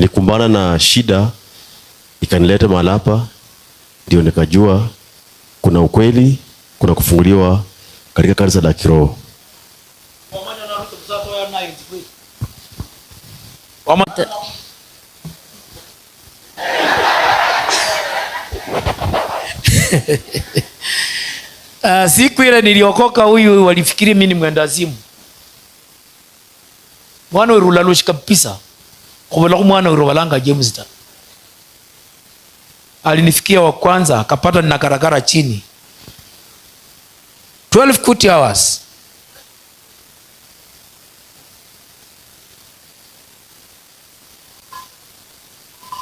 nilikumbana na shida ikanileta mahali hapa, ndio nikajua kuna ukweli, kuna kufunguliwa katika kanisa la kiroho. Uh, siku ile niliokoka, huyu walifikiri mimi ni mwendazimu mwana urulalushika pisa kubola khumwana urobalanga James ta alinifikia wa kwanza akapata nina karakara chini 12 kuti hours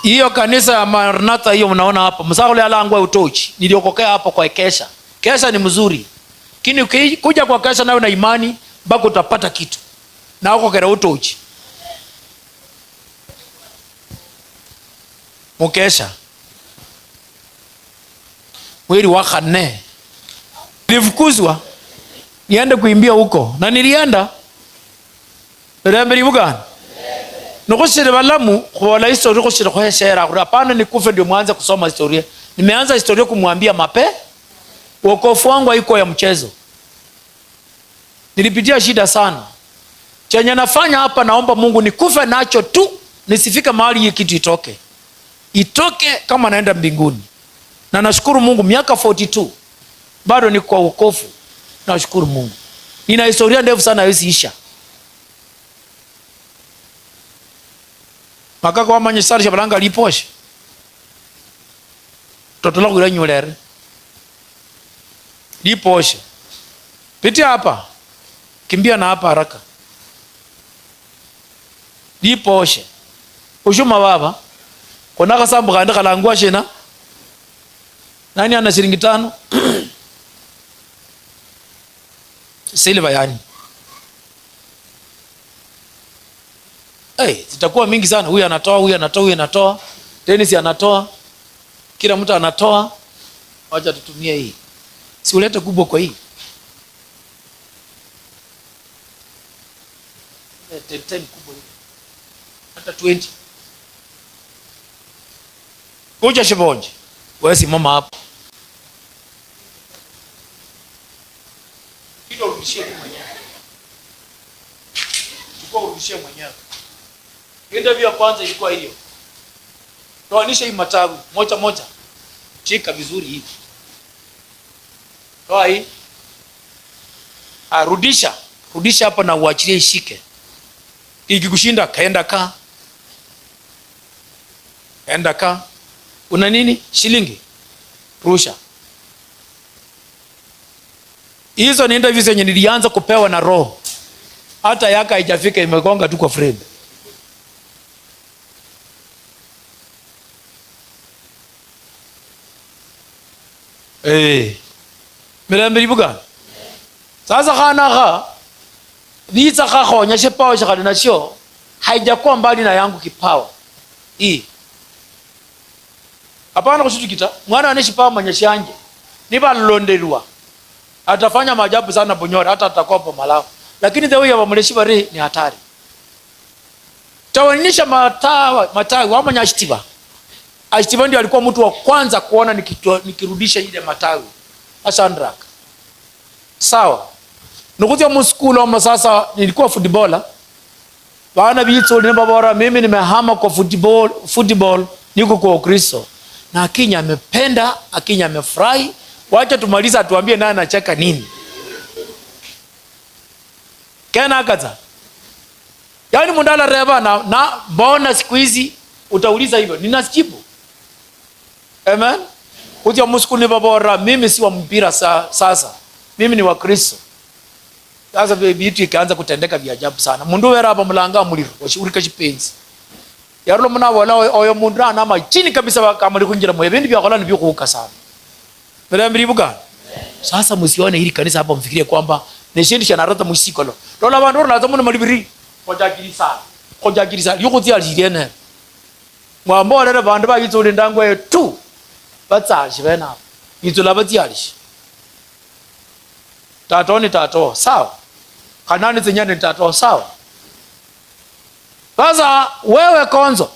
hiyo kanisa ya Maranatha hiyo mnaona hapa, msaule alangwa utochi niliokokea hapo kwa kesha. Kesha ni mzuri, lakini ukikuja kwa kesha nawe na imani mpaka utapata kitu na uko kera utochi mukesha mweri wa kanne nilifukuzwa niende kuimbia huko na nilienda remberi bugana nikushire balamu kubola historia kushire kuheshera kuri hapana nikufe ndio mwanze kusoma historia nimeanza historia kumwambia mape wokofu wangu aiko ya mchezo nilipitia shida sana chenye nafanya hapa naomba mungu nikufe nacho tu nisifike mahali hii kitu itoke itoke kama naenda mbinguni, na nashukuru Mungu miaka 42 bado niko kwa wokovu. Nashukuru Mungu, nina historia ndefu sana, haiwezi isha. makaka sari shabalanga liposhe totola khwira nyulere liposhe piti hapa kimbia na hapa haraka liposhe ushuma baba khona khasambu khandi khalangwa shina nani ana shilingi tano silva yani hey, zitakuwa mingi sana. Huyu anatoa huyu anatoa huyu anatoa, tenisi anatoa, kila mtu anatoa. Wacha tutumie hii, siulete kubwa kwa hii kubwa hata 20 Kuja Shivonji, wewe simama hapo. Hilo urudishie mwenyewe. Chukua urudishie mwenyewe. Interview ya kwanza ilikuwa hiyo. Toanisha hii matawi moja moja. Chika vizuri hivi. Toa hii. Arudisha, rudisha Rudisha hapa na uachilie ishike. Ikikushinda kaenda ka. Kaenda ka una nini shilingi rusha. Hizo ni interview zenye nilianza kupewa na roho, hata yaka haijafika, imegonga tu kwa frame. Hey. Eh. mirembe rivuga sasa khanakha vitsa khakhonyeshe pawa shakhali nasho haijakuwa mbali na yangu kipawa hii Hapana kushitukiza. Mwana anaishi pa manyeshanje. Niba alondelwa. Atafanya maajabu sana Bunyore hata atakuwa hapo Malawi. Lakini the ya abamuleshi bari ni hatari. Tawanisha matawa matawi wa manyashitiba. Ashitiba ndio alikuwa mtu wa kwanza kuona nikirudisha ile matawi. Ashandraka. Sawa. Nukutia muskulu ama sasa nilikuwa footballer. Bana biitso ni babora mimi nimehama kwa football football niko kwa Ukristo na Akinya amependa, Akinya amefurahi. Wacha tumaliza, atuambie naye anacheka nini. kenakaza akaza yaani Mundala Reva na, na mbona siku hizi utauliza hivyo ninajibu. Amen. Kuja muskuni nivavora mimi si wa mpira sa, sasa mimi ni wa Kristo. Sasa vitu ikaanza kutendeka vya ajabu sana mundu wera hapa mulanga muliro washurika chipenzi yaro muna wala oyo mundu anama chini kabisa bakamuri kuingira moyo bintu bya kolani byokubuka sana mbere mlibuka sasa msione hili kanisa hapa mfikirie kwamba ni shindu cha narata mwisikolo lola bandu lola tamu malibiri kojagiri sana kojagiri sana yuko tia lirene mwambole na tu bagitsuli ndangwe yetu batsashi bena ngitsula batsialishi tato ni tatoo sawa kanani tsinyane ni tato sawa sasa wewe Konzo,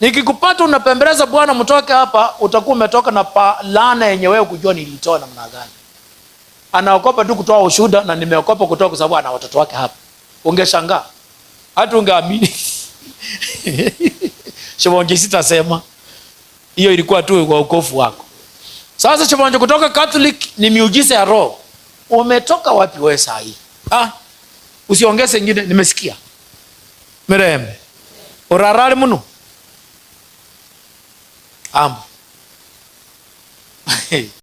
nikikupata unapembeleza bwana mtoke hapa, utakuwa umetoka na palana yenye wewe kujua nilitoa namna gani. Anaokopa tu kutoa ushuda, na nimeokopa kutoa kwa sababu ana watoto wake hapa. Ungeshangaa hata ungeamini. Shivonje sitasema hiyo ilikuwa tu kwa ukofu wako. Sasa Shivonje kutoka Catholic ni miujiza ya roho. Umetoka wapi wewe saa hii? Ah, usiongeze nyingine, nimesikia. mereme urarare muno amo